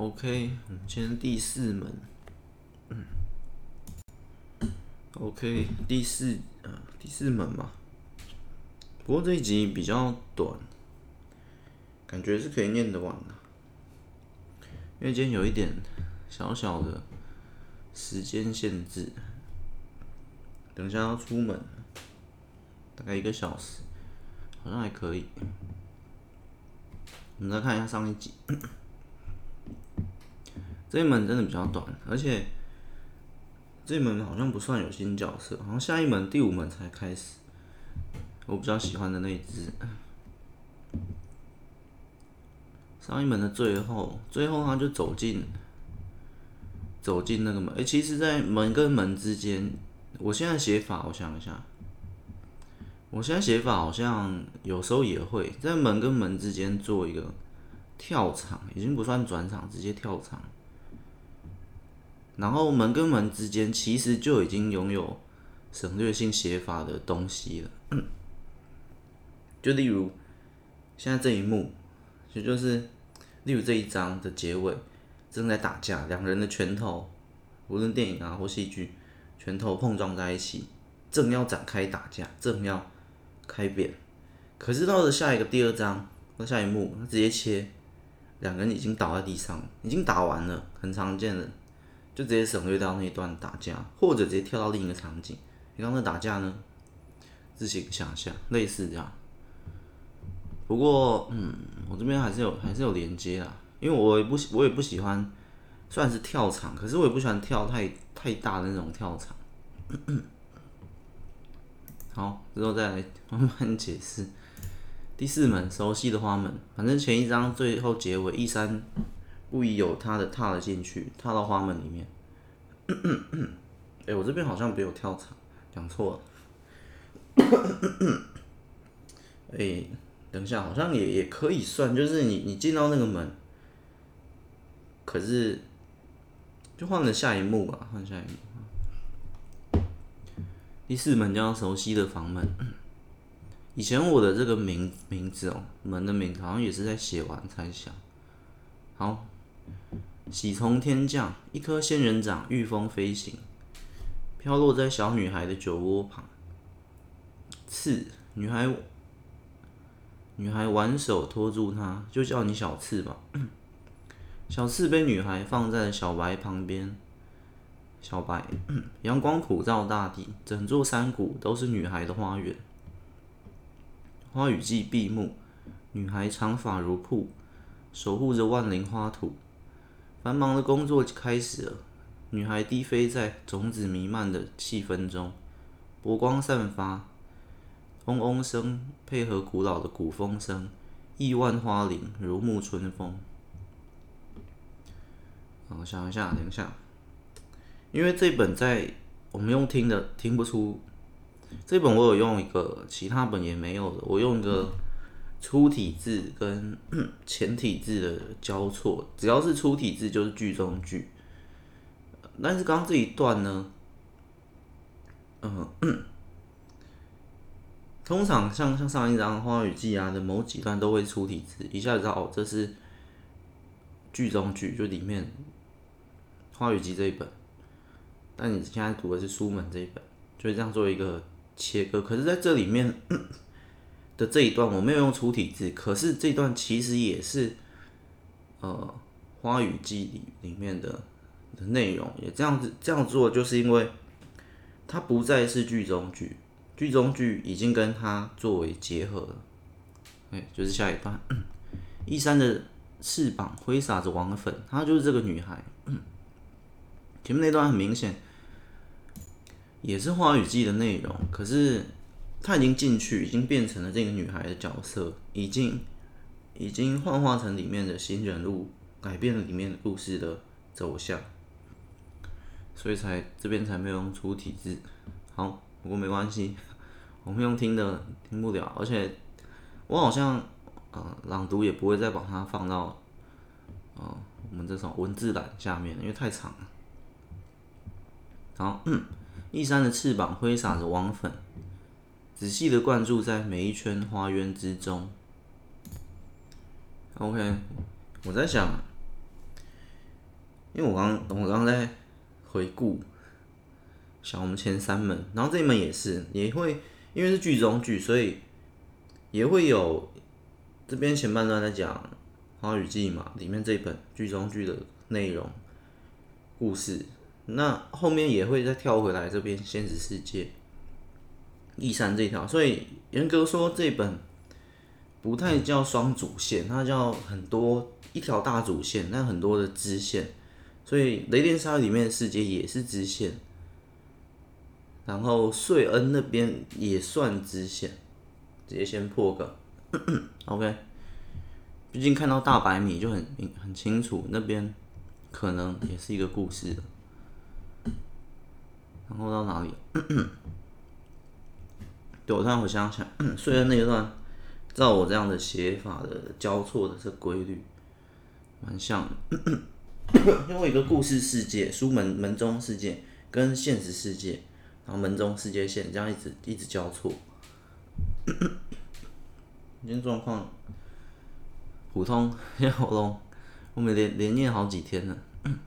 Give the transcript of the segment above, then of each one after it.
OK，我們今天第四門，嗯，OK，第四啊、呃、第四門嘛，不過這一集比較短，感覺是可以念得完的、啊，因為今天有一點小小的時間限制，等一下要出門，大概一個小時，好像還可以，我們再看一下上一集。這一門真的比較短，而且這一門好像不算有新角色，好像下一門第五門才開始。我比較喜歡的那一隻，上一門的最後，最後他就走進走進那個門。哎、欸，其實，在門跟門之間，我現在寫法，我想一下，我現在寫法好像有時候也會在門跟門之間做一個跳場，已經不算轉場，直接跳場。然後門跟門之間其實就已經擁有省略性寫法的東西了，嗯、就例如現在這一幕，也就，就是例如這一章的結尾正在打架，兩個人的拳頭，無論電影啊或戲劇，拳頭碰撞在一起，正要展開打架，正要開扁，可是到了下一個第二章或下一幕，他直接切，兩個人已經倒在地上，已經打完了，很常見的。就直接省略掉那一段打架，或者直接跳到另一個場景。你剛才打架呢？自行想象，類似這樣。不過，嗯，我這邊還是有還是有連接啦，因為我也不我也不喜歡，算是跳場，可是我也不喜歡跳太太大的那種跳場。 好，之後再來慢慢解釋。第四門熟悉的房門，反正前一章最後結尾一三。故意有他的踏了進去，踏到花門裡面。哎、欸，我這邊好像沒有跳場，講錯了。哎、欸，等一下，好像也也可以算，就是你你進到那個門，可是就換了下一幕吧，換下一幕。第四門叫熟悉的房門。咳咳。以前我的這個名名字哦、喔，門的名字好像也是在寫完才想。好。喜從天降，一顆仙人掌御風飛行，飄落在小女孩的酒窩旁。刺，女孩，女孩挽手托住它，就叫你小刺吧。小刺被女孩放在了小白旁邊。小白，嗯，陽光普照大地，整座山谷都是女孩的花園。花雨季閉幕，女孩長髮如瀑，守護着萬靈花土。繁忙的工作開始了，女孩低飛在種子瀰漫的氣氛中，薄光散發，嗡嗡聲配合古老的谷風聲，億萬花靈如沐春風。好，我想一下，等一下，因為這本在我們用聽的聽不出，這本我有用一個，其他本也沒有的，我用一個。初體字跟前體字的交錯，只要是粗體字就是句中句。但是剛剛這一段呢，嗯，通常像像上一章《花雨季》啊的某幾段都會粗體字，一下子知道哦，這是句中句，就裡面《花雨季》這一本。但你現在讀的是《書門》這一本，就這樣做一個切割。可是在這裡面。的這一段我沒有用粗體字，可是這一段其實也是，呃，《花雨季》裡裡面的的內容，也這樣子這樣做，就是因為它不再是劇中劇，劇中劇已經跟它作為結合了。哎、欸，就是下一段，嗯、意珊的翅膀揮灑着王的粉，她就是這個女孩。嗯、前面那段很明顯也是《花雨季》的內容，可是。他已經進去，已經變成了這個女孩的角色，已經已經幻化成裡面的新人物，改變了裡面的故事的走向，所以才這邊才沒有用粗體字。好，不過沒關係，我們用聽的聽不了，而且我好像嗯、呃、朗讀也不會再把它放到嗯、呃、我們這種文字欄下面，因為太長了。好，意珊的翅膀揮灑着王粉。仔細的灌注在每一圈花園之中。OK，我在想，因為我剛我剛在回顧，想我們前三門，然後這一門也是也會因為是劇中劇，所以也會有這邊前半段在講《花雨季》嘛，裡面這一本劇中劇的內容故事，那後面也會再跳回來這邊現實世界。意珊這條，所以嚴格說這本不太叫雙主線，它叫很多一條大主線，那很多的支線。所以雷電鯊裡面的世界也是支線，然後瑞恩那邊也算支線，直接先破個咳咳，OK。畢竟看到大白米就很明很清楚，那邊可能也是一個故事的。然後到哪裡？咳咳對，我這樣想想，雖、嗯、然那一段照我這樣的寫法的交錯的這規律蠻像的、嗯嗯嗯，因為一個故事世界、書門門中世界跟現實世界，然後門中世界線這樣一直一直交錯。今天狀況普通，咽喉痛，我們連連念好幾天了。嗯、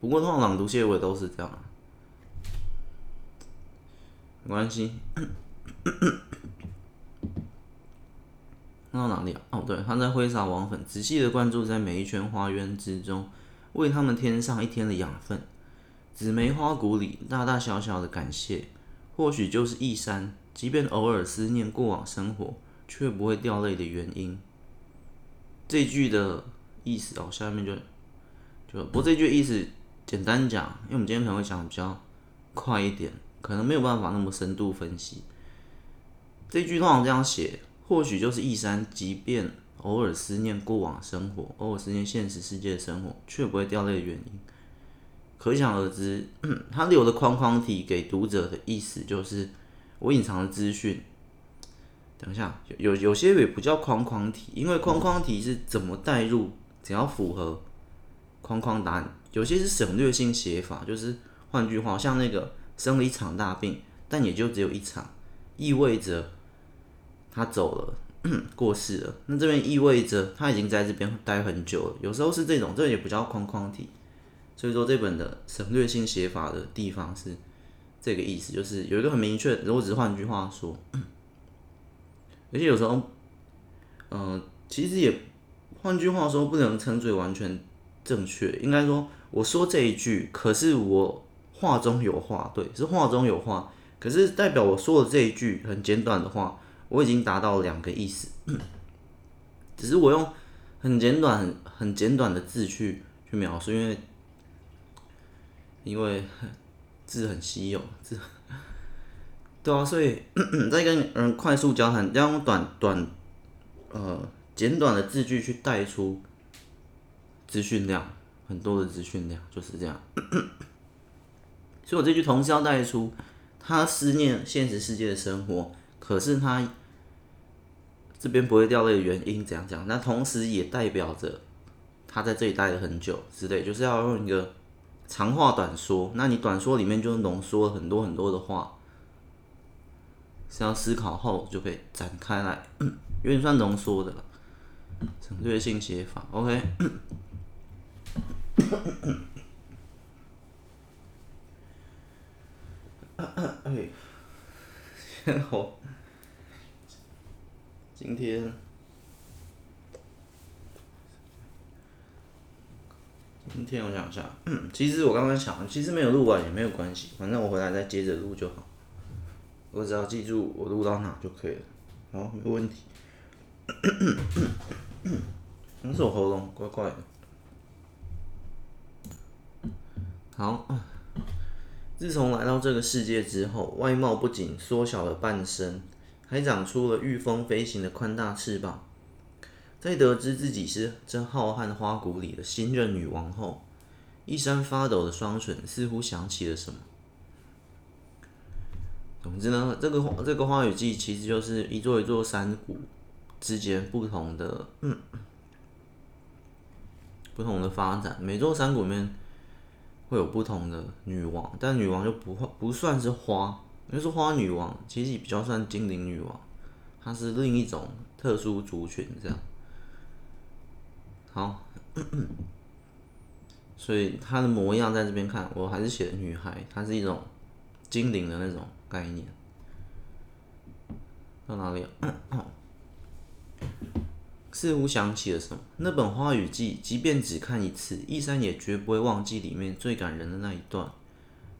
不過通常朗讀結尾都是這樣。沒關係。 看到哪裡啊？哦，對，他在揮灑王粉，仔細的灌注在每一圈花淵之中，為他們添上一天的養分。紫玫花谷裡大大小小的感謝，或許就是意珊，即便偶爾思念過往生活，却不會掉淚的原因。這句的意思哦，下面就就不這句意思，簡單講，因為我們今天可能會講的比較快一點。可能沒有辦法那麼深度分析。這句通常這樣寫，或許就是意珊，即便偶爾思念過往生活，偶爾思念現實世界的生活，卻不會掉淚的原因。可想而知，他留的框框題給讀者的意思就是我隱藏的資訊。等一下，有有些也不叫框框題，因為框框題是怎麼帶入，怎樣、嗯、符合框框答案。有些是省略性寫法，就是換句話，像那個。生了一場大病，但也就只有一場，意味着他走了呵呵，過世了。那這邊意味着他已經在這邊待很久了。有時候是這種，這也不叫框框體。所以說，這本的省略性寫法的地方是這個意思，就是有一個很明確。如果只是換句話說呵呵，而且有時候，嗯、呃，其實也換句話說，不能稱之為完全正確。應該說，我說這一句，可是我。話中有話，對，是話中有話。可是代表我說的這一句很簡短的話，我已經達到兩個意思。 只是我用很簡短、很，很簡短的字去去描述，因為因為字很稀有，字對啊，所以在 跟人快速交談，要用短短呃簡短的字句去帶出資訊量很多的資訊量，就是這樣。 所以我這句“同時要帶出”，他思念現實世界的生活，可是他這邊不會掉淚的原因怎樣講？那同時也代表着他在這裡待了很久之類，就是要用一個長話短說。那你短說裡面就濃縮了很多很多的話，是要思考後就可以展開來，有點算濃縮的了。省略性寫法，OK。咳咳咳哎， 今天，今天我想一下，其實我剛剛想，其實沒有錄完、啊、也沒有關係，反正我回來再接着錄就好。我只要記住我錄到哪就可以了。好、哦，沒問題。但 是我喉嚨怪怪的。好。自從來到這個世界之後，外貌不僅縮小了半身，還長出了御風飛行的寬大翅膀。在得知自己是這浩瀚花谷裡的新任女王後，意珊發抖的雙唇似乎想起了什麼。總之呢，這個這個花雨季其實就是一座一座山谷之間不同的嗯，不同的發展，每座山谷裡面，會有不同的女王，但女王就不不算是花，因為是花女王其實比較算精靈女王，她是另一種特殊族群這樣。好，咳咳。所以她的模樣在這邊看，我還是寫女孩，她是一種精靈的那種概念。到哪裡啊？咳咳似乎想起了什麼，那本《花雨季》，即便只看一次，意珊也絕不會忘記裡面最感人的那一段。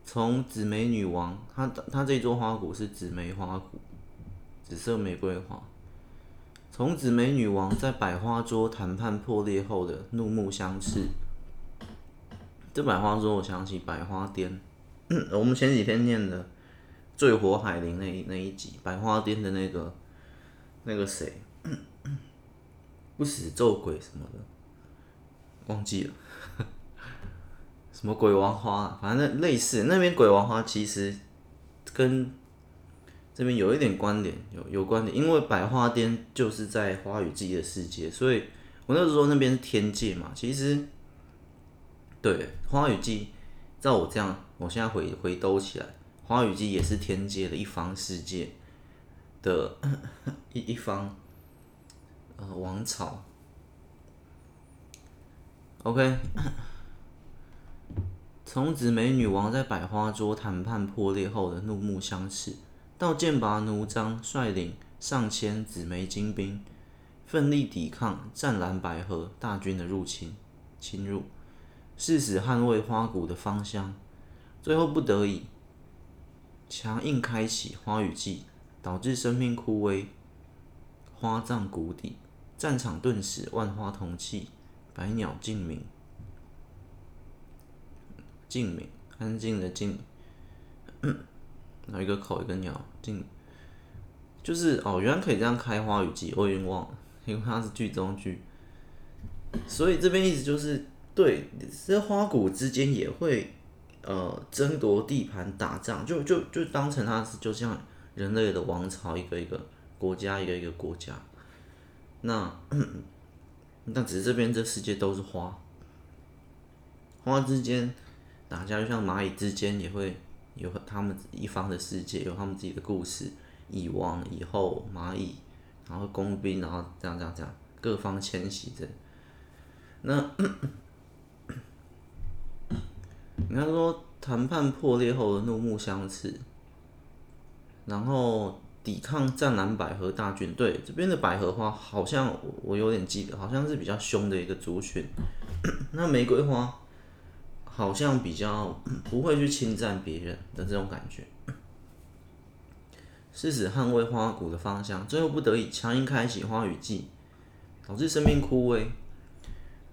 從紫玫女王，她她這座花谷是紫玫花谷，紫色玫瑰花。從紫玫女王在百花桌談判破裂後的怒目相斥。這百花桌，我想起百花巔。 我們前幾天念的《醉火海靈》那一那一集，百花巔的那個那個誰？不死咒鬼什麼的，忘記了。呵呵什麼鬼王花啊？反正類似那邊鬼王花，其實跟這邊有一點關聯，有有關聯。因為百花巔就是在花雨季的世界，所以我那時候說，那邊是天界嘛，其實對花雨季。照我這樣，我現在回回兜起來，花雨季也是天界的一方世界的，一一方。呃，王朝。OK，從 紫玫女王在百花桌談判破裂後的怒目相斥，到劍拔弩張，率領上千紫玫精兵奮力抵抗湛藍百合大軍的入侵、侵入，誓死捍衛花谷的芳香，最後不得已強硬開啟花雨季，導致生命枯萎，花葬谷底。戰場頓時萬花同泣，百鳥靜鳴。靜鳴，安靜的靜。有一個口，一個鳥，靜。就是哦，原來可以這樣開花雨季，我已忘了，因為它是劇中劇，所以這邊意思就是，對，這花谷之間也會呃爭奪地盤打仗，就就就當成它是就像人類的王朝一個一個，國家一個一個國家，一個一個國家。那那只是這邊這世界都是花，花之間打架，就像螞蟻之間也會有他們一方的世界，有他們自己的故事，蟻王蟻後螞蟻，然後工兵，然後這樣這樣這樣各方遷徙着。那你看說談判破裂後的怒目相視，然後。抵抗湛藍百合大軍，對這邊的百合花好像我,我有點記得，好像是比較凶的一個族群。 那玫瑰花好像比較 不會去侵占別人的這種感覺。誓死 捍衛花谷的芳香，最後不得已強行開啟花雨季，導致生命枯萎。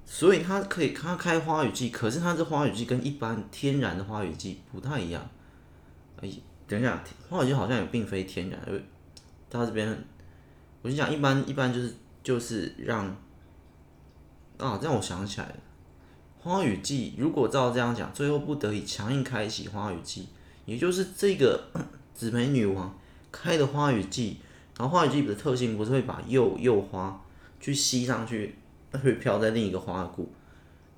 所以它可以它開花雨季，可是它這花雨季跟一般天然的花雨季不太一樣而已。哎等一下，花雨季好像也並非天然，就他這邊，我就講一般一般就是就是讓啊，這樣我想起來了，花雨季如果照這樣講，最後不得已強硬開啟花雨季，也就是這個紫玫女王開的花雨季，然後花雨季的特性不是會把幼幼花去吸上去，會飄在另一個花谷，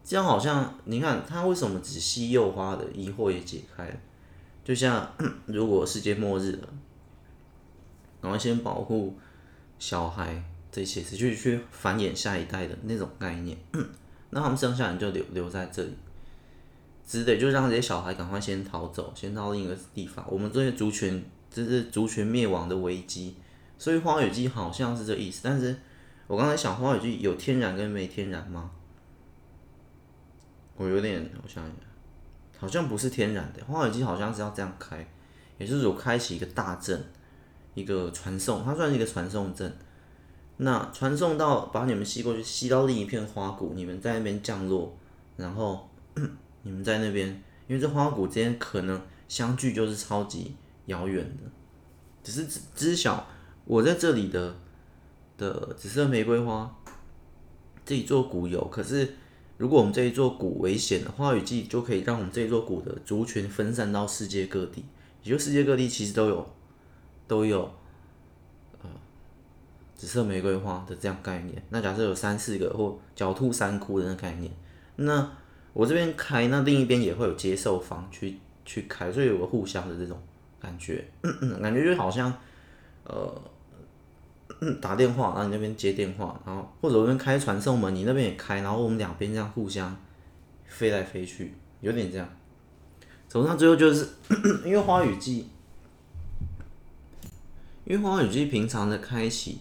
這樣好像你看它為什麼只吸幼花的疑惑也解開了。就像如果世界末日了，然後先保護小孩這些，去去繁衍下一代的那種概念， 那他們生下來就留留在這裡，只得就讓這些小孩趕快先逃走，先到另一個地方。我們這些族群這是族群滅亡的危機，所以《花雨季》好像是這個意思。但是我剛才想，《花雨季》有天然跟沒天然嗎？我有點，我想一下。好像不是天然的，花雨季好像是要這樣開，也就是有開啟一個大陣，一個傳送，它算是一個傳送陣。那傳送到把你們吸過去，吸到另一片花谷，你們在那邊降落，然後你們在那邊，因為這花谷之間可能相距就是超級遙遠的，只是知知曉我在這裡的的紫色玫瑰花，自己做古友，可是。如果我們這一座谷危險的話，花雨季就可以讓我們這一座谷的族群分散到世界各地，也就是世界各地其實都有都有，呃，紫色玫瑰花的這樣概念。那假設有三四個或狡兔三窟的那概念，那我這邊開，那另一邊也會有接受方去去開，所以有個互相的這種感覺呵呵，感覺就好像，呃。打電話，然後你那邊接電話，然後或者我這邊開傳送門，你那邊也開，然後我們兩邊這樣互相飛來飛去，有點這樣。走上最後就是因為花雨季，因為花雨季平常的開啟，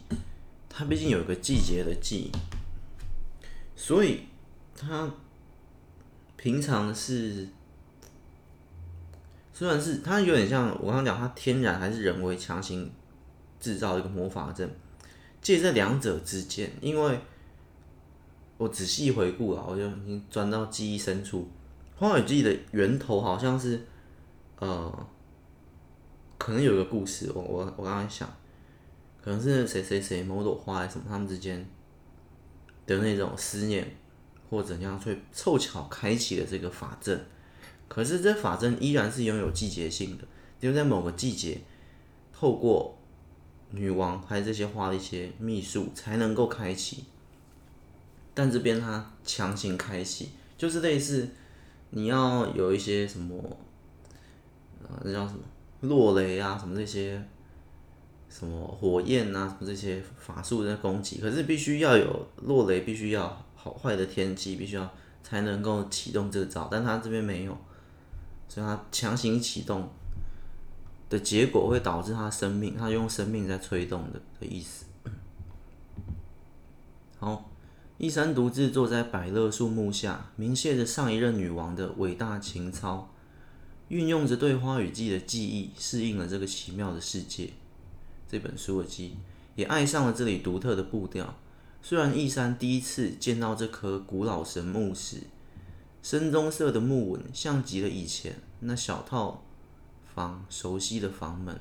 它畢竟有一個季節的季，所以它平常是雖然是它有點像我剛剛講它天然還是人為強行，製造一個魔法陣，借這兩者之間，因為我仔細回顧了，我就已經鑽到記憶深處，荒野記憶的源頭好像是，呃，可能有一個故事，我我我剛剛想，可能是誰誰誰某朵花還是什麼他們之間的那種思念，或者怎樣，卻湊巧開啟了這個法陣，可是這法陣依然是擁有季節性的，就在某個季節，透過。女王還有這些花的一些秘術才能夠開啟，但這邊它強行開啟，就是類似你要有一些什麼，那、呃、叫什麼落雷啊，什麼這些，什麼火焰啊，什麼這些法術的攻擊，可是必須要有落雷必，必須要好壞的天氣，必須要才能夠啟動這個招，但它這邊沒有，所以它強行啟動。的結果會導致他生命，他用生命在推動的的意思。好，意珊獨自坐在百樂神木下，銘謝着上一任女王的偉大情操，運用着對花雨季的記憶，適應了這個奇妙的世界。這本書的記憶，也愛上了這裡獨特的步調。雖然意珊第一次見到這棵古老神木時，深棕色的木紋像極了以前那小套。房熟悉的房門，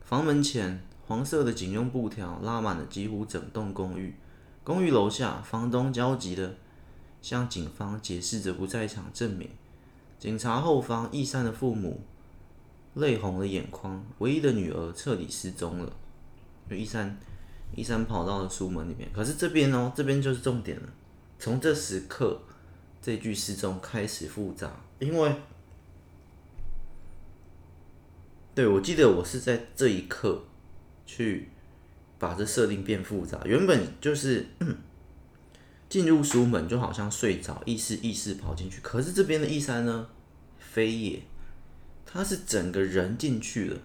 房門前，黃色的警用布條拉滿了幾乎整棟公寓。公寓樓下，房東焦急的向警方解釋着不在場證明。警察後方，意珊的父母淚紅了眼眶，唯一的女兒徹底失蹤了。就意珊，意珊跑到了書門裡面。可是這邊哦，這邊就是重點了。從這時刻，這具失蹤開始複雜，因為。對，我記得我是在這一刻，去把這設定變複雜。原本就是進、嗯、入書門就好像睡着，意識意識跑進去。可是這邊的意珊呢，非也，他是整個人進去了。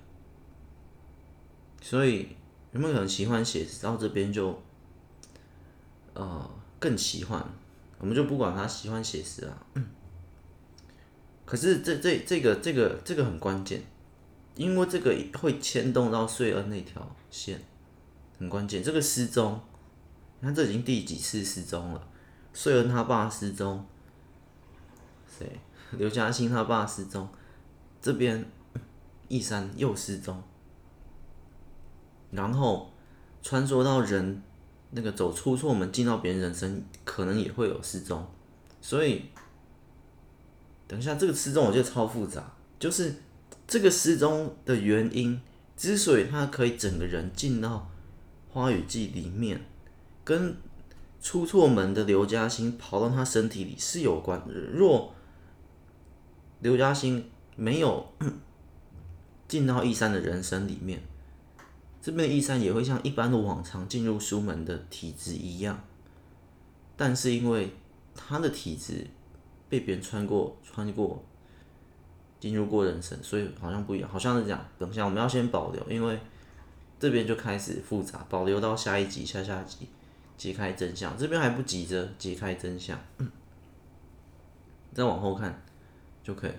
所以有沒有可能奇幻寫實到這邊就，呃、更奇幻？我們就不管他奇幻寫實啊、嗯。可是這這這個這個這個很關鍵。因為這個會牽動到瑞恩那條線，很關鍵。這個失蹤，你看這已經第幾次失蹤了？瑞恩他爸失蹤，誰？劉嘉欣他爸失蹤，這邊意珊又失蹤，然後穿梭到人那個走出錯門進到別人人生，可能也會有失蹤。所以，等一下，這個失蹤我覺得超複雜，就是。這個失蹤的原因，之所以他可以整個人進到《花雨季》裡面，跟出錯門的劉嘉欣跑到他身體裡是有關的。若劉嘉欣沒有 進到意珊的人生裡面，這邊的意珊也會像一般的往常進入書門的體質一樣。但是因為他的體質被別人穿過，穿過。進入過人生，所以好像不一樣，好像是這樣，等一下我們要先保留，因為這邊就開始複雜，保留到下一集、下下集揭開真相，這邊還不急着揭開真相，嗯，再往後看就可以了。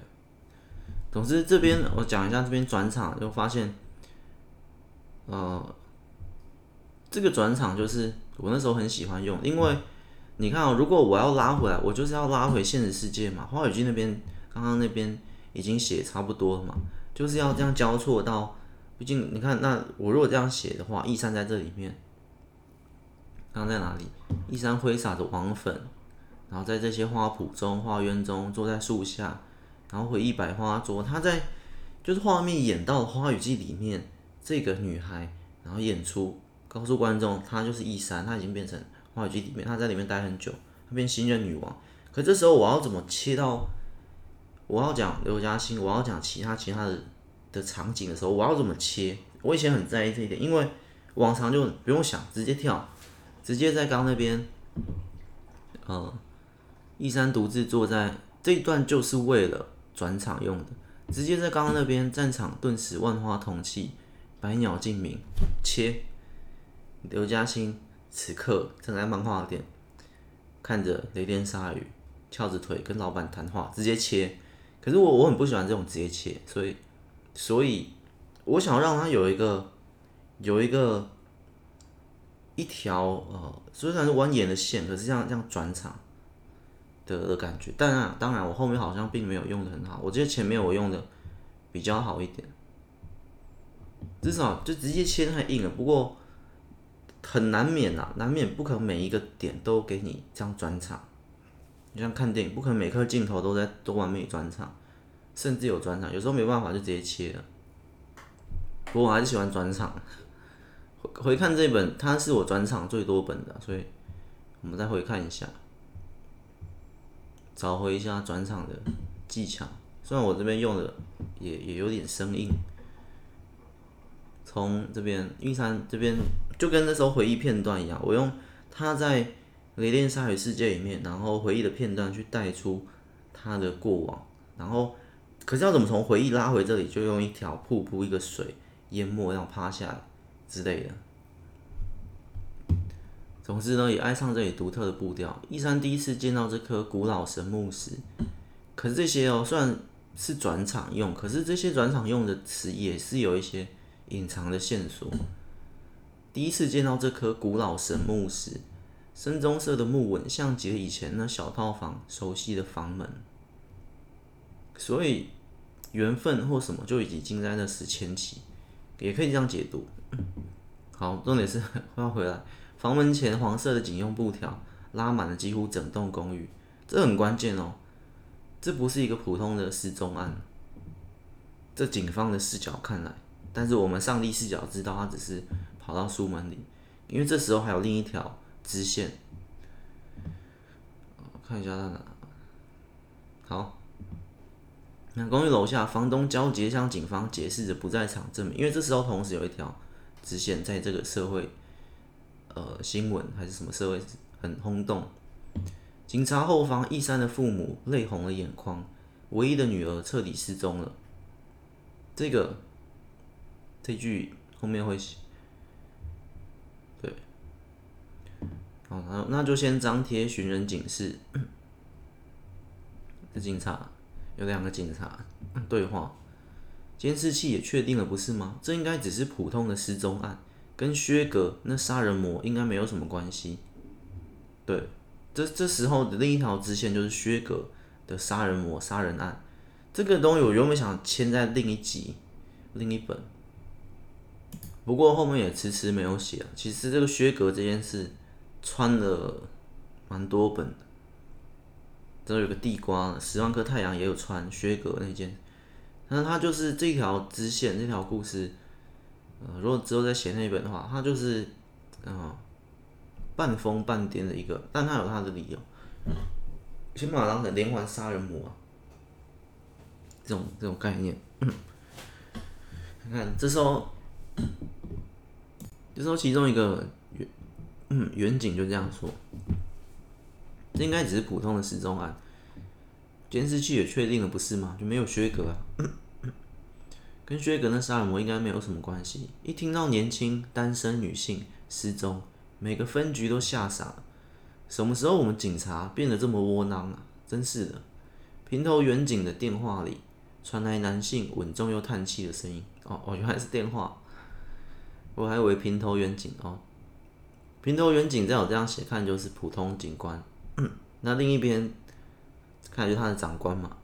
總之這邊我講一下這，這邊轉場就發現，呃，這個轉場就是我那時候很喜歡用，因為你看啊、哦，如果我要拉回來，我就是要拉回現實世界嘛，花雨季那邊剛剛那邊。已經寫差不多了嘛，就是要這樣交錯到，畢竟你看，那我如果這樣寫的話，意珊在這裡面，剛在哪裡？意珊揮灑著王粉，然後在這些花圃中、花園中坐在樹下，然後回憶百花桌。她在就是畫面演到《花雨季》裡面這個女孩，然後演出告訴觀眾，她就是意珊。她已經變成《花雨季》裡面，她在裡面待很久，她變新任女王。可這時候我要怎麼切到？我要講劉嘉欣，我要講其他其他的的場景的時候，我要怎麼切？我以前很在意這一點，因為往常就不用想，直接跳，直接在剛那邊，嗯、呃，意珊獨自坐在這一段就是為了轉場用的，直接在剛剛那邊戰場頓時萬花同泣，百鳥靜鳴，切，劉嘉欣此刻正在漫畫店，看着雷電鯊魚翹着腿跟老闆談話，直接切。可是我我很不喜歡這種直接切，所以所以我想讓它有一個有一個一條呃雖然是蜿蜒的線，可是這樣這樣轉場的感覺。但啊，當然，我後面好像並沒有用的很好，我覺得前面我用的比較好一點，至少就直接切太硬了。不過很難免啊，難免不可能每一個點都給你這樣轉場。就像看電影，不可能每顆鏡頭都在都完美轉場，甚至有轉場，有時候沒辦法就直接切了。不過我還是喜歡轉場。回回看這本，它是我轉場最多本的，所以我們再回看一下，找回一下轉場的技巧。雖然我這邊用的也也有點生硬，從這邊，意珊這邊就跟那時候回憶片段一樣，我用它在。雷電殺魚世界裡面，然後回憶的片段去帶出他的過往，然後可是要怎麼從回憶拉回這裡，就用一條瀑布，一個水淹沒，要趴下來之類的。總之呢，也愛上這裡獨特的步調。意珊第一次見到這顆古老神木時，可是這些哦算是轉場用，可是這些轉場用的詞也是有一些隱藏的線索。第一次見到這顆古老神木時。深棕色的木紋像極了以前那小套房熟悉的房門，所以緣分或什麼就已經在那時牽起，也可以這樣解讀。呵呵好，重點是換回來。房門前，黃色的警用布條拉滿了幾乎整棟公寓，這很關鍵哦。這不是一個普通的失蹤案。這警方的視角看來，但是我們上帝視角知道，他只是跑到書門裡，因為這時候還有另一條。支線，看一下在哪。好，那公寓樓下，房東焦急的向警方解釋着不在場證明，因為這時候同時有一條支線在這個社會，呃，新聞還是什麼社會很轟動。警察後方，意珊的父母淚紅了眼眶，唯一的女兒徹底失蹤了。這個這句後面會寫。好，那就先張貼尋人警示，這 警察，有兩個警察對話。監視器也確定了，不是嗎？這應該只是普通的失蹤案，跟薛格那殺人魔應該沒有什麼關係。對，這這時候的另一條支線就是薛格的殺人魔殺人案。這個東西我原本想簽在另一集、另一本，不過後面也遲遲沒有寫啊，其實這個薛格這件事。穿了蠻多本，的，都有個地瓜，《十萬顆太陽》也有穿薛格那件，但是他就是這條支線，這條故事，呃，如果之後再寫那一本的話，他就是，嗯、呃，半瘋半癲的一個，但他有他的理由，起碼當成連環殺人魔、啊、這種這種概念。你看,看，這時候，這時候其中一個。嗯，員警就這樣說，這應該只是普通的失蹤案，監視器也確定了，不是嗎？就沒有薛格啊，咳咳跟薛格那殺人魔應該沒有什麼關係。一聽到年輕單身女性失蹤，每個分局都嚇傻了。什麼時候我們警察變得這麼窩囊了、啊？真是的。平頭員警的電話裡傳來男性穩重又嘆氣的聲音。哦哦，原來是電話，我還以為平頭員警哦。平頭員警在我這樣寫，看就是普通警官。那另一邊，看來就是他的長官嘛。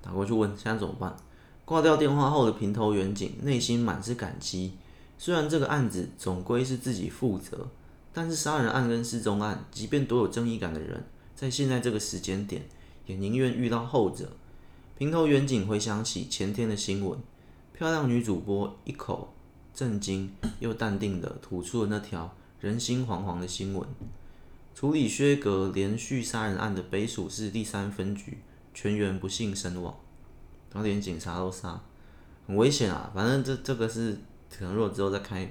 打過去問，現在怎麼辦？掛掉電話後的平頭員警內心滿是感激。雖然這個案子總歸是自己負責，但是殺人案跟失蹤案，即便多有正義感的人，在現在這個時間點，也寧願遇到後者。平頭員警回想起前天的新聞：漂亮女主播一口。震驚又淡定的吐出了那條人心惶惶的新聞：處理薛格連續殺人案的北薯市第三分局，全員不幸身亡。然後連警察，都殺，很危險啊！反正這這個是可能，若之後再開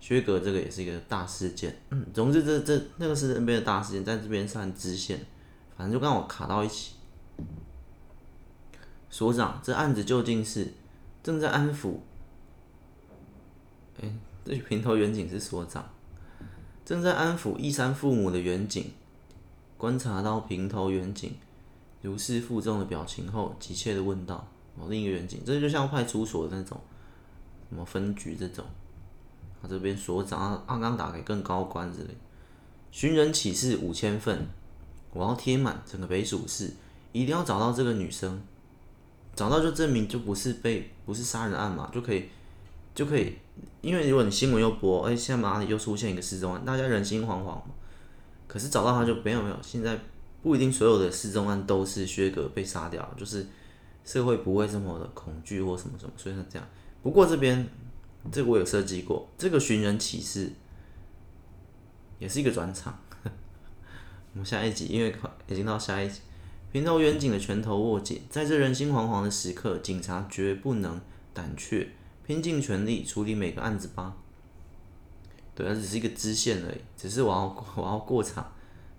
薛格這個也是一個大事件。嗯，總之這，這這那個是那邊的大事件，在這邊算支線，反正就剛好卡到一起。所長，這案子究竟是？正在安撫？哎，這平頭員警是所長，正在安撫意珊父母的員警，觀察到平頭員警如釋負重的表情後，急切的問道：“哦，另一個員警，這就像派出所的那種，什麼分局這種，啊，這邊所長啊，剛剛打給更高官之類，尋人啟事五千份，我要貼滿整個北薯市，一定要找到這個女生，找到就證明就不是被不是殺人案嘛，就可以。”就可以，因為如果你新聞又播，哎、欸，現在馬里又出現一個失蹤案，大家人心惶惶。可是找到他就沒有沒有，現在不一定所有的失蹤案都是薛格被殺掉，就是社會不會這麼的恐懼或什麼什麼，所以是這樣。不過這邊這個我有設計過，這個尋人啟事也是一個轉場。 我們下一集，因為快已經到下一集，平頭員警的拳頭握緊，在這人心惶惶的時刻，警察絕不能膽怯，拼盡全力處理每個案子吧。對，它只是一個支線而已，只是我要我要過場，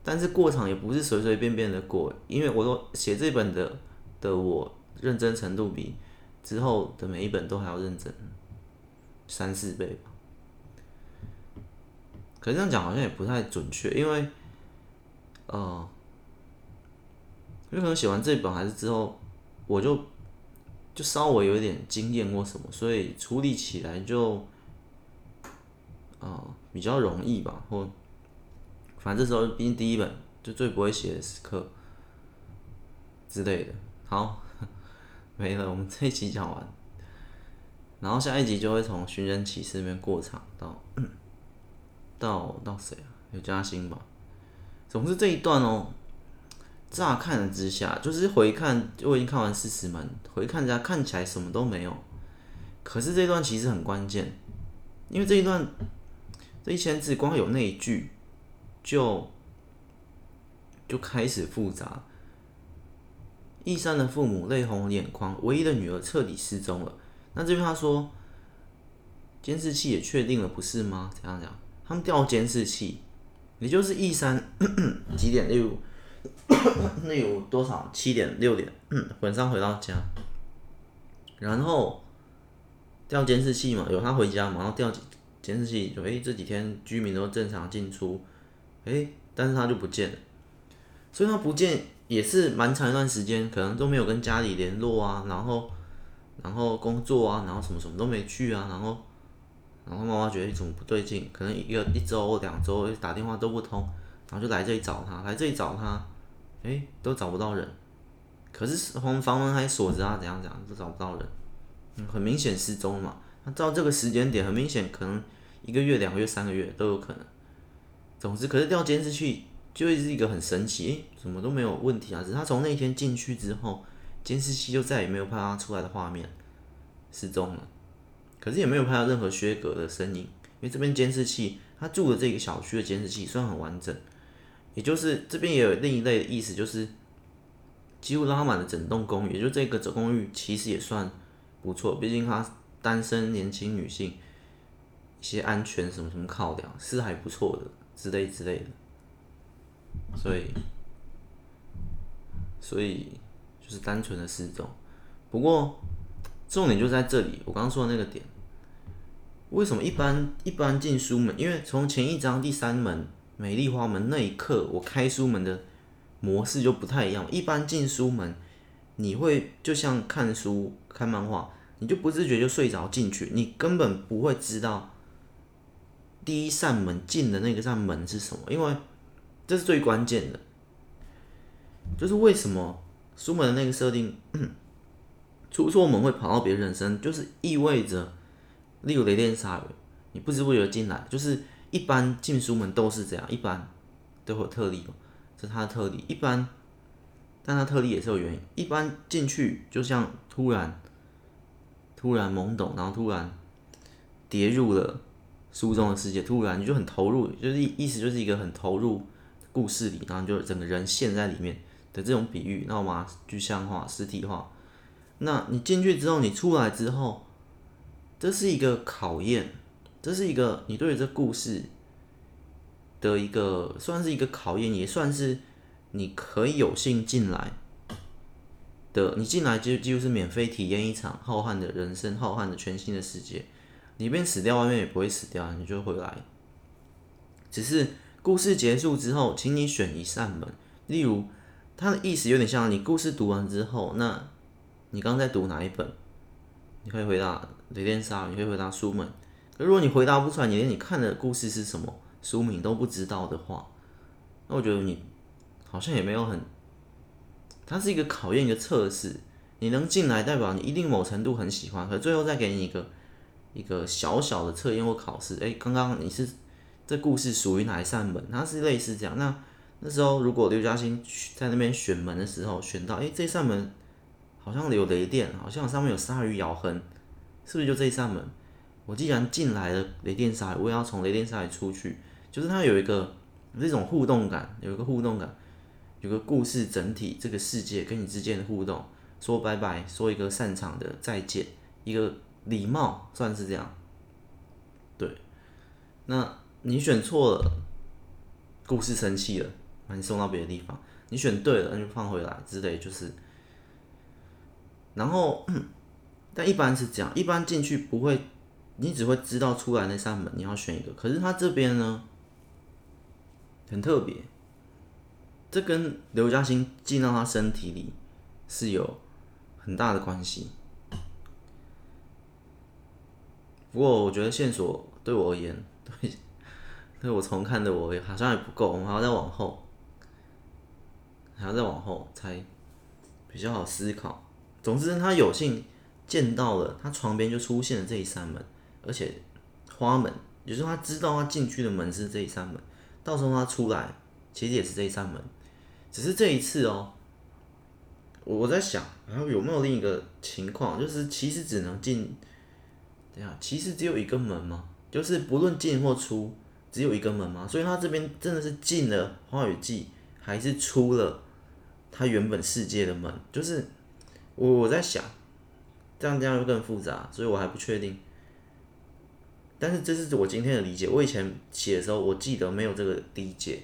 但是過場也不是隨隨便便的過，因為我都寫這本的的我認真程度比之後的每一本都還要認真，三四倍吧。可是這樣講好像也不太準確，因為，呃，有可能寫完這本還是之後我就。就稍微有點經驗或什麼，所以處理起來就，啊、呃，比較容易吧，或反正這時候畢竟第一本就最不會寫的時刻之類的。好，沒了，我們這一集講完，然後下一集就會從尋人啟事那邊過場到到到誰啊？有嘉欣吧？總之這一段哦。乍看了之下，就是回看，我已經看完四十門，回看人家看起來什麼都沒有。可是這一段其實很關鍵，因為這一段這一千字光有那一句，就就開始複雜。意 珊的父母淚紅眼眶，唯一的女兒徹底失蹤了。那這邊他說，監視器也確定了，不是嗎？怎樣講怎樣？他們調監視器，也就是意珊 幾點六。 那有多少？七點六點， 晚上回到家，然後調監視器嘛，有他回家嘛，然後調監視器，哎、欸，這幾天居民都正常進出，哎、欸，但是他就不見了，所以他不見也是蠻長一段時間，可能都沒有跟家裡聯絡啊，然後，然後工作啊，然後什麼什麼都沒去啊，然後，然後他媽媽覺得一種不對勁，可能一個一周或兩周打電話都不通，然後就來這裡找他，來這裡找他。哎、欸，都找不到人，可是從房門還鎖着啊，怎樣怎樣都找不到人，嗯，很明顯失蹤嘛。那照這個時間點，很明顯可能一個月、兩個月、三個月都有可能。總之，可是調監視器就一直是一個很神奇，哎、欸，怎麼都沒有問題啊？只是他從那天進去之後，監視器就再也沒有拍到他出來的畫面，失蹤了。可是也沒有拍到任何薛格的身影，因為這邊監視器他住的這個小區的監視器雖然很完整。也就是這邊也有另一類的意思，就是幾乎拉滿了整棟公寓，也就這個整公寓其實也算不錯，畢竟他單身年輕女性，一些安全什麼什麼考量是還不錯的之類之類的，所以所以就是單純的失蹤，不過重點就在這裡，我剛剛說的那個點，為什麼一般一般進書門，因為從前一章第三門。美麗花門那一刻，我開書門的模式就不太一樣。一般進書門，你會就像看書、看漫畫，你就不自覺就睡着進去，你根本不會知道第一扇門進的那個扇門是什麼，因為這是最關鍵的。就是為什麼書門的那個設定，出錯門會跑到別人身，就是意味着，例如雷電鯊魚，你不知不覺進來，就是。一般進書門都是這樣，一般都會有特例，這是他的特例。一般，但他特例也是有原因。一般進去就像突然，突然懵懂，然後突然跌入了書中的世界，突然你就很投入，就是意思就是一個很投入故事裡，然後你就整個人陷在裡面的這種比喻，那我們具象化、實體化。那你進去之後，你出來之後，這是一個考驗。這是一個你對這故事的一個，算是一個考驗，也算是你可以有幸進來的。你進來就就是免費體驗一場浩瀚的人生、浩瀚的全新的世界。裡面死掉，外面也不會死掉，你就回來。只是故事結束之後，請你選一扇門。例如，它的意思有點像你故事讀完之後，那你剛在讀哪一本？你可以回答《雷電燒》，你可以回答《書門》。如果你回答不出來，你連你看的故事是什麼書名都不知道的話，那我覺得你好像也沒有很。它是一個考驗，一個測試。你能進來代表你一定某程度很喜歡。可最後再給你一個一個小小的測驗或考試。哎、欸，剛剛你是這故事屬於哪一扇門？它是類似這樣。那那時候如果劉嘉欣在那邊選門的時候選到，哎、欸，這扇門好像有雷電，好像上面有鯊魚咬痕，是不是就這一扇門？我既然進來了雷電沙，我也要從雷電沙海出去，就是它有一個有這種互動感，有一個互動感，有個故事整體這個世界跟你之間的互動，說拜拜，說一個擅長的再見，一個禮貌算是這樣。對，那你選錯了，故事生氣了，把你送到別的地方；你選對了，那就放回來之類，就是。然後，但一般是這樣，一般進去不會。你只會知道出來那扇門，你要選一個。可是他這邊呢，很特別，這跟劉嘉欣進到他身體裡是有很大的關係。不過我覺得線索對我而言，對對我重看的我好像也不夠，我們還要再往後，還要再往後才比較好思考。總之，他有幸見到了，他床邊就出現了這一扇門。而且，花門，有時候他知道他進去的門是這一扇門，到時候他出來其實也是這一扇門，只是這一次哦，我在想，然後有沒有另一個情況，就是其實只能進，等下，其實只有一個門嘛，就是不論進或出，只有一個門嘛，所以他這邊真的是進了花雨季，還是出了他原本世界的門？就是我我在想，這樣這樣會更複雜，所以我還不確定。但是這是我今天的理解。我以前寫的時候，我記得沒有這個理解。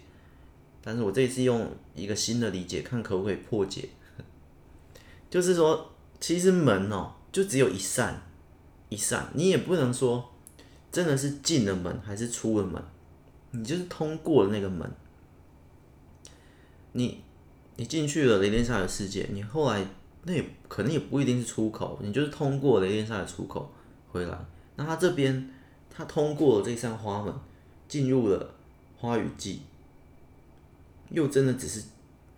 但是我這一次用一個新的理解，看可不可以破解。就是說，其實門哦，就只有一扇一扇，你也不能說真的是進了門還是出了門，你就是通過了那個門。你你進去了雷電沙的世界，你後來那也可能也不一定是出口，你就是通過雷電沙的出口回來。那他這邊。他通過了這扇花門進入了花雨季，又真的只是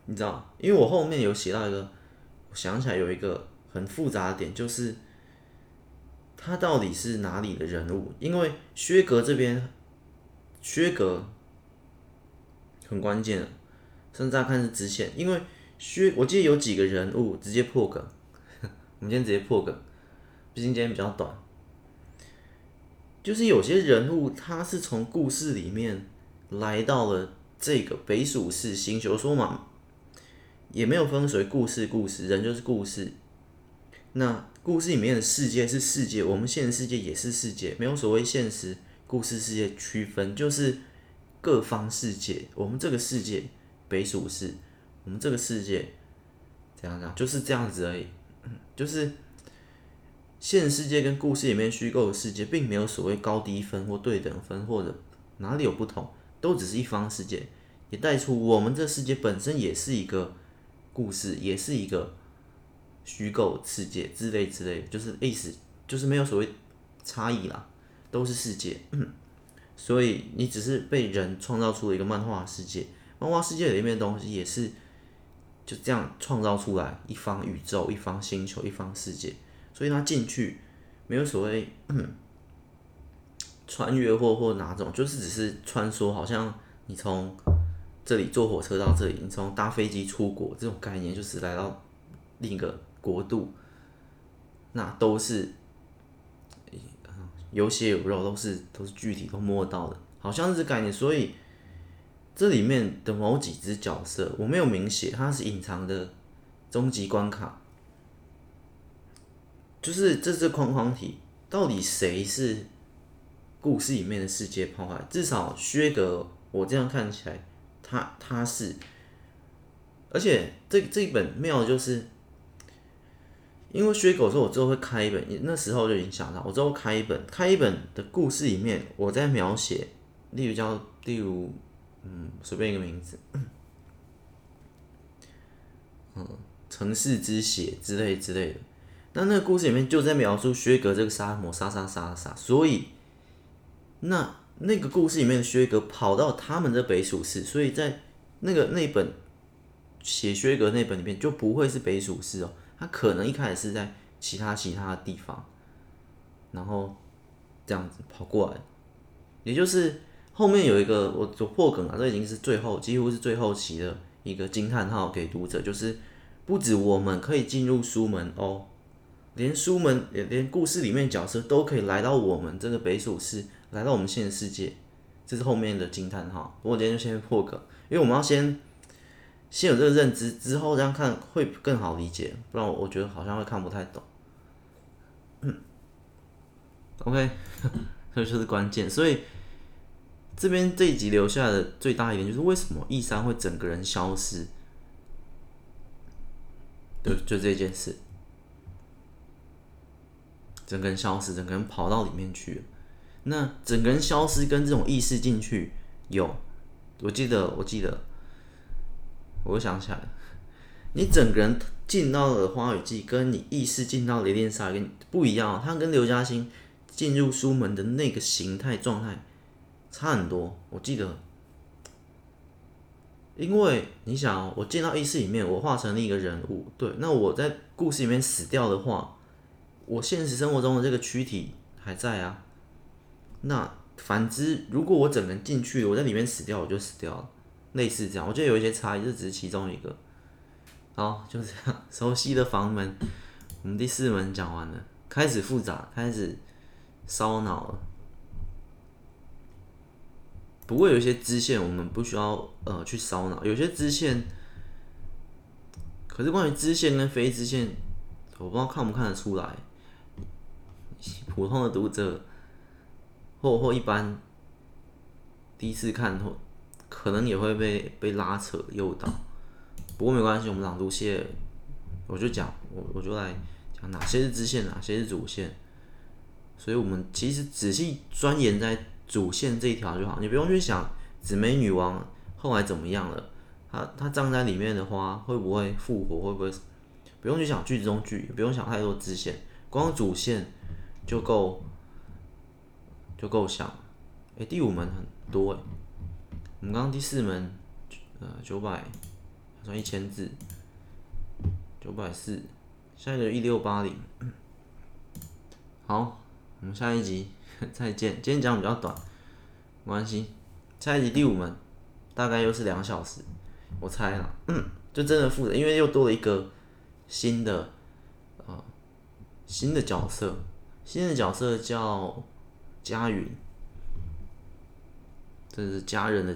你知道？因為我後面有寫到一個，我想起來有一個很複雜的點，就是他到底是哪裡的人物？因為薛格這邊，薛格很關鍵，甚至要看是支線。因為薛，我記得有幾個人物直接破梗呵呵，我們今天直接破梗，畢竟今天比較短。就是有些人物，他是從故事裡面來到了這個北薯市星球。我說嘛，也沒有分誰故事故事,故事，人就是故事。那故事裡面的世界是世界，我們現實世界也是世界，沒有所謂現實故事世界區分，就是各方世界。我們這個世界，北薯市，我們這個世界，怎樣講？就是這樣子而已，就是。現實世界跟故事裡面虛構的世界，並沒有所謂高低分或對等分，或者哪裡有不同，都只是一方世界，也帶出我們這世界本身也是一個故事，也是一個虛構世界之類之類，就是意思就是沒有所謂差異啦，都是世界。嗯，所以你只是被人創造出了一個漫畫世界，漫畫世界裡面的東西也是就這樣創造出來，一方宇宙、一方星球、一方世界。所以他進去沒有所謂，嗯，穿越或或哪種，就是只是穿梭，好像你從這裡坐火車到這裡，你從搭飛機出國這種概念，就是來到另一個國度，那都是有血有肉，都是都是具體都摸得到的，好像是這概念。所以這裡面的某幾隻角色，我沒有明寫，它是隱藏的終極關卡。就是這是框框題，到底誰是故事裡面的世界破壞？至少薛格，我這樣看起來他，他他是，而且這這本妙就是，因為薛格說，我之後會開一本，那時候就已經想到，我之後開一本，開一本的故事裡面，我在描寫，例如叫例如，嗯，隨便一個名字，嗯，城市之血之類之類的。那那個故事裡面就在描述薛格這個殺魔，殺殺殺殺，所以那那個故事裡面的薛格跑到他們的北薯市，所以在那個那本寫薛格那本裡面就不會是北薯市哦，他可能一開始是在其他其他的地方，然後這樣子跑過來，也就是後面有一個我，我破梗了，這已經是最後幾乎是最後期的一個驚嘆號給讀者，就是不止我們可以進入書門哦。連書門也連,連故事裡面角色都可以來到我們這個北薯市，來到我們現實世界，這是後面的驚嘆號。不過今天就先破梗，因為我們要先先有這個認知之後，這樣看會更好理解，不然我我覺得好像會看不太懂。OK 所以這就是關鍵。所以這邊這一集留下的最大一點就是為什麼意珊會整個人消失？ 對，就這件事。整個人消失，整個人跑到裡面去了。那整個人消失跟這種意識進去有，我記得，我記得，我想起來了。你整個人進到了花雨季，跟你意識進到雷電沙跟不一樣。他跟劉嘉欣進入書門的那個形態狀態差很多。我記得，因為你想，我進到意識裡面，我化成了一個人物。對，那我在故事裡面死掉的話。我現實生活中的這個軀體還在啊。那反之，如果我整個人進去，我在裡面死掉，我就死掉了。類似這樣，我覺得有一些差異，這只是其中一個。好，就這樣。熟悉的房門，我們第四門講完了，開始複雜，開始燒腦了。不過有一些支線我們不需要呃去燒腦，有些支線。可是關於支線跟非支線，我不知道看不看得出來。普通的讀者，或或一般第一次看，可能也會被被拉扯誘導。不過沒關係，我們朗讀謝我就講，我我就來講哪些是支線，哪些是主線。所以我們其實仔細鑽研在主線這一條就好，你不用去想紫玫女王後來怎麼樣了，她她葬在裡面的話會不會復活，會不會？不用去想劇中劇，也不用想太多支線，光主線。就夠，就夠小。誒、欸，第五門很多誒、欸。我們剛剛第四門，呃，九百，算一千字，九百四，下一個一六八零。好，我們下一集再見。今天講比較短，沒關係，下一集第五門大概又是兩小時，我猜了，嗯，就真的複雜，因為又多了一個新的啊、呃，新的角色。新的角色叫佳雲，這是佳人的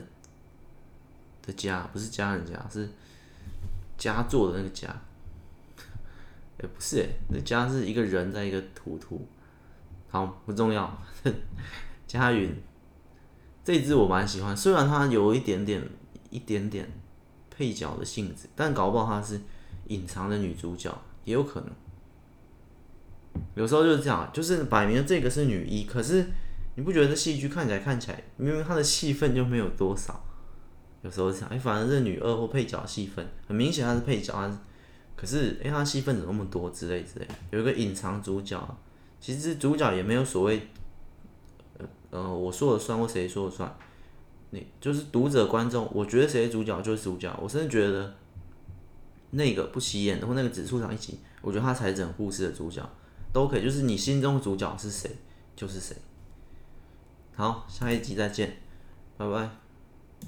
的佳，不是家人家，是佳作的那個佳。也、欸、不是、欸，那佳是一個人在一個土土。好，不重要。佳雲，這支我蠻喜歡，雖然它有一點點、一點點配角的性質，但搞不好它是隱藏的女主角，也有可能。有時候就是這樣，就是擺明這個是女一，可是你不覺得戲劇看起來看起來，因為她的戲份就沒有多少。有時候這樣，哎、欸，反正是女二或配角戲份，很明顯她是配角啊。可是，哎、欸，她戲份怎麼那麼多之類之類？有一個隱藏主角，其實主角也沒有所謂，呃我說了算或誰說了算，你就是讀者觀眾，我覺得誰主角就是主角。我甚至覺得那個不起眼的，或那個指數上一起，我覺得他才是故事的主角。都可以，就是你心中主角是誰，就是誰。好，下一集再見，拜拜。